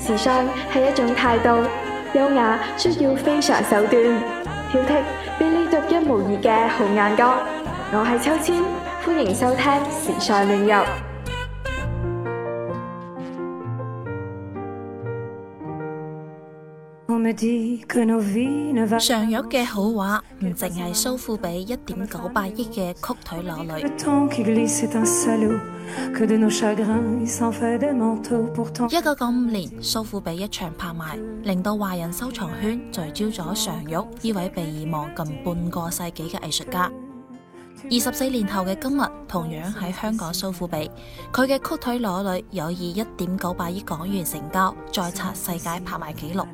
時尚係一種態度，優雅需要非常手段，挑剔，俾你獨一無二嘅好眼光。我係秋千，歡迎收聽時尚亂遊。常玉嘅好畫唔淨係蘇富比一點九八億嘅曲腿裸女。一九九五年，蘇富比一場拍賣，令到華人收藏圈聚焦咗常玉呢位被遺忘近半個世紀嘅藝術家。二十四年後嘅今日，同樣喺香港蘇富比，佢嘅曲腿裸女又以一點九八億港元成交，再刷世界拍賣紀錄。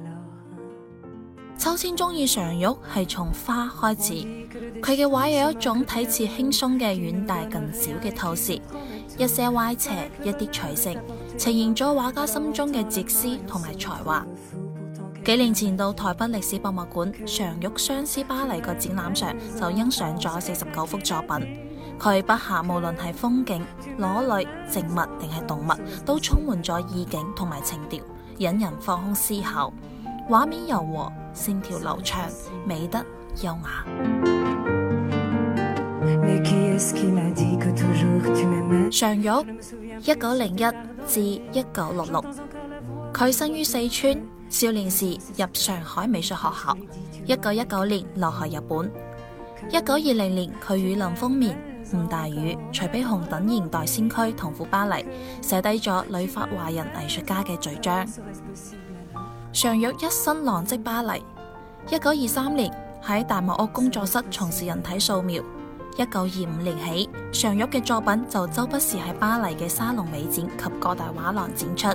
秋千中意常玉，係從花開始。佢嘅畫有一種睇似輕鬆嘅遠大近小嘅透視，一些歪斜，一啲隨性，呈現咗畫家心中嘅哲思同埋才華。幾年前到台北歷史博物館常玉相思巴黎個展覽上，就欣賞咗四十九幅作品。佢筆下無論係風景、裸女、靜物定係動物，都充滿咗意境同埋情調，引人放空思考。畫面柔和。線條流暢，美得優雅。常玉，一九零一至一九六六，佢生於四川，少年時入上海美術學校。一九一九年留學日本。一九二零年佢與林風眠、吳大羽、徐悲鴻等現代先驅同赴巴黎，寫低咗旅法華人藝術家嘅序章。常玉一身浪跡巴黎，一九二三年喺大茅屋工作室從事人體素描。一九二五年起，常玉嘅作品就周不時喺巴黎嘅沙龍美展及各大畫廊展出。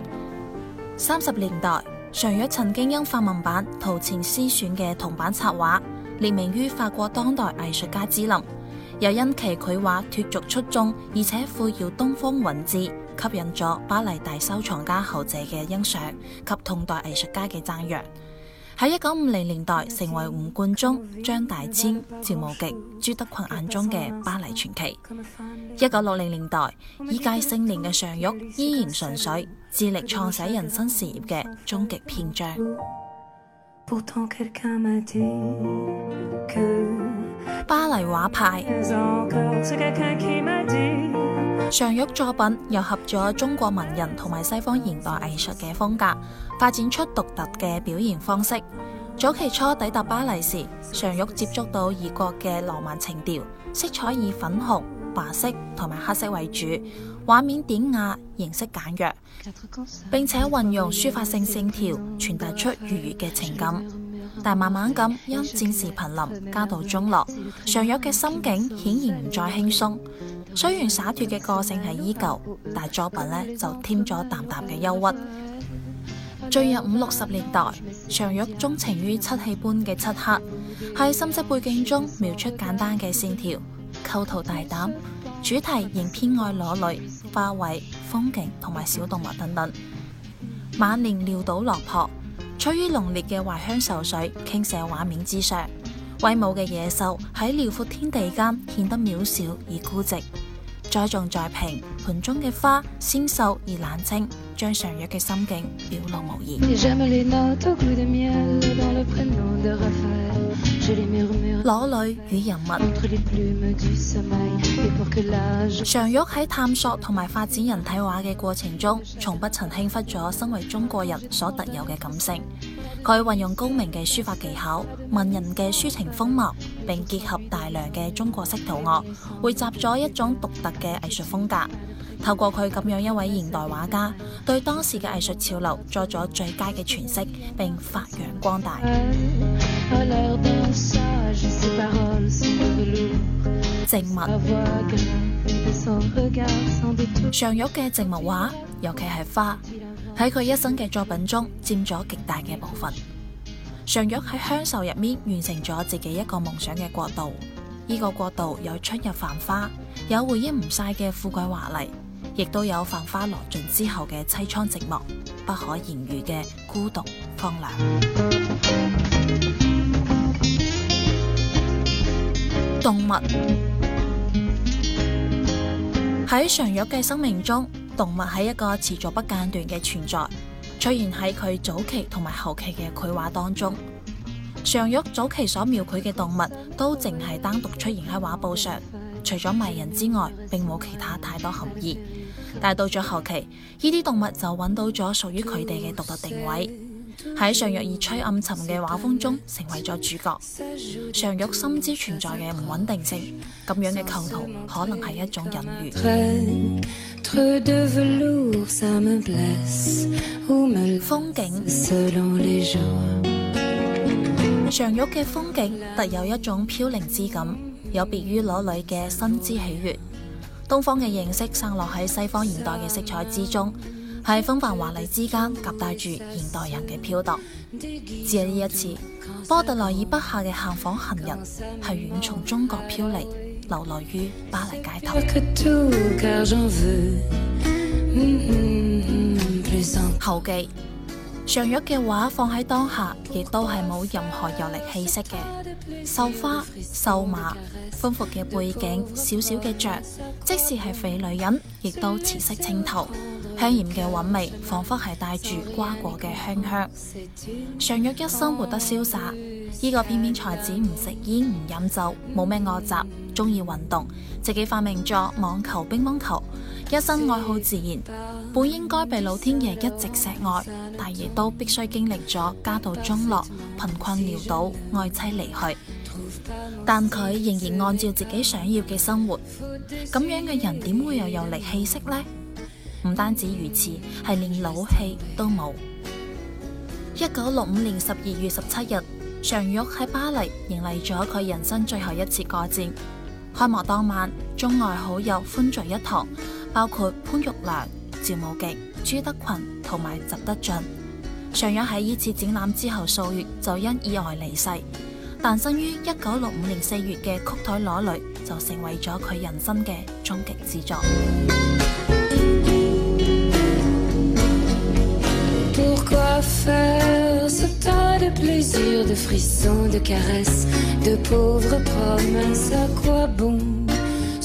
三十年代，常玉曾經因法文版《陶潛詩選》嘅銅版插畫，列名於法國當代藝術家之林。又因其繪畫脫俗出眾，而且富饒東方韻致。吸引咗巴黎大收藏家侯謝嘅欣賞及同代藝術家嘅讚揚，喺一九五零年代成為吳冠中、張大千、趙無極、朱德群眼中嘅巴黎傳奇。一九六零年代，已屆盛年嘅常玉依然純粹，致力創寫人生事業嘅終極篇章。巴黎畫派。常玉作品糅合咗中國文人同埋西方現代藝術嘅風格，發展出獨特嘅表現方式。早期初抵達巴黎時，常玉接觸到異國嘅浪漫情調，色彩以粉紅、白色同埋黑色為主，畫面典雅，形式簡約，並且運用書法性線條傳達出愉悅嘅情感。但慢慢咁因戰事頻臨，家道中落，常玉嘅心境顯然唔再輕鬆。雖然灑脫嘅個性係依舊，但作品呢就添咗淡淡嘅憂鬱。進入五六十年代，常玉鍾情於漆器般嘅漆黑，喺深色背景中描出簡單嘅線條，構圖大膽，主題仍偏愛裸女、花卉、風景同埋小動物等等。晚年潦倒落魄，取於濃烈嘅懷鄉愁緒傾瀉畫面之上，威武嘅野獸喺遼闊天地間顯得渺小而孤寂。栽種在瓶盆中嘅花纖瘦而冷清，將常玉嘅心境表露無遺。裸女與人物，常玉喺探索同埋發展人體畫嘅過程中，從不曾輕忽咗身為中國人所特有嘅感性。佢運用高明嘅書法技巧、文人嘅抒情風貌。並結合大量嘅中國式圖案，匯集咗一種獨特嘅藝術風格。透過佢咁樣一位現代畫家，對當時嘅藝術潮流作咗最佳嘅詮釋，並發揚光大。靜物。常玉嘅靜物畫，尤其係花，喺佢一生嘅作品中佔咗極大嘅部分。常玉喺鄉愁入面完成咗自己一個夢想嘅國度，呢、這個國度有春日繁花，有回憶唔晒嘅富貴華麗，亦都有繁花落盡之後嘅凄愴寂寞，不可言喻嘅孤獨荒涼。動物喺常玉嘅生命中，動物係一個持續不間斷嘅存在。出現喺佢早期同埋後期嘅繪畫當中，常玉早期所描繪嘅動物，都淨係單獨出現喺畫布上，除咗迷人之外，並冇其他太多含義。但係到咗後期，呢啲動物就揾到咗屬於佢哋嘅獨特定位。喺常玉而吹暗沉嘅畫風中，成為咗主角。常玉深知存在嘅唔穩定性，咁樣嘅構圖，圖可能係一種隱喻，嗯。風景，嗯、常玉嘅風景特有一種飄零之感，有別於裸女嘅身姿喜悅。東方嘅形式散落喺西方現代嘅色彩之中。在風帆華麗之間，夾帶住現代人嘅飄蕩。只係呢一次，波特萊爾筆下嘅閒房行人，係遠從中國飄嚟，流落於巴黎街頭。 後記。常玉嘅畫放喺當下，亦都係冇任何油膩氣息嘅。繡花、繡馬，寬闊嘅背景，小小嘅雀，即使係肥女人，亦都慈色清透。香艷嘅韻味，仿佛係帶住瓜果嘅香香。常玉一生活得瀟灑，呢、這個翩翩才子唔食煙唔飲酒，冇咩惡習，中意運動，自己發明咗網球、乒乓球。一生愛好自然，本應該被老天爺一直錫愛，但亦都必須經歷咗家道中落、貧困潦倒、愛妻離去。但佢仍然按照自己想要嘅生活，咁樣嘅人點會有遊歷氣息呢？唔單止如此，係連老氣都冇。一九六五年十二月十七日，常玉喺巴黎迎嚟咗佢人生最後一次個展。開幕當晚，中外好友歡聚一堂。包括潘玉良、趙無極、朱德群同埋席德進。常玉喺呢次展覽之後數月就因意外離世。誕生於一九六五年四月嘅《曲腿裸女》，就成為咗佢人生嘅終極之作。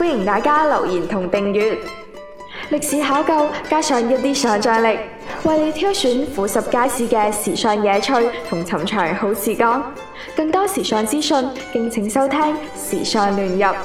歡迎大家留言同訂閱。歷史考究加上一啲想像力，為你挑選富十街市嘅時尚野趣同尋常好時光。更多時尚資訊，敬請收聽《時尚亂入》。